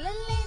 La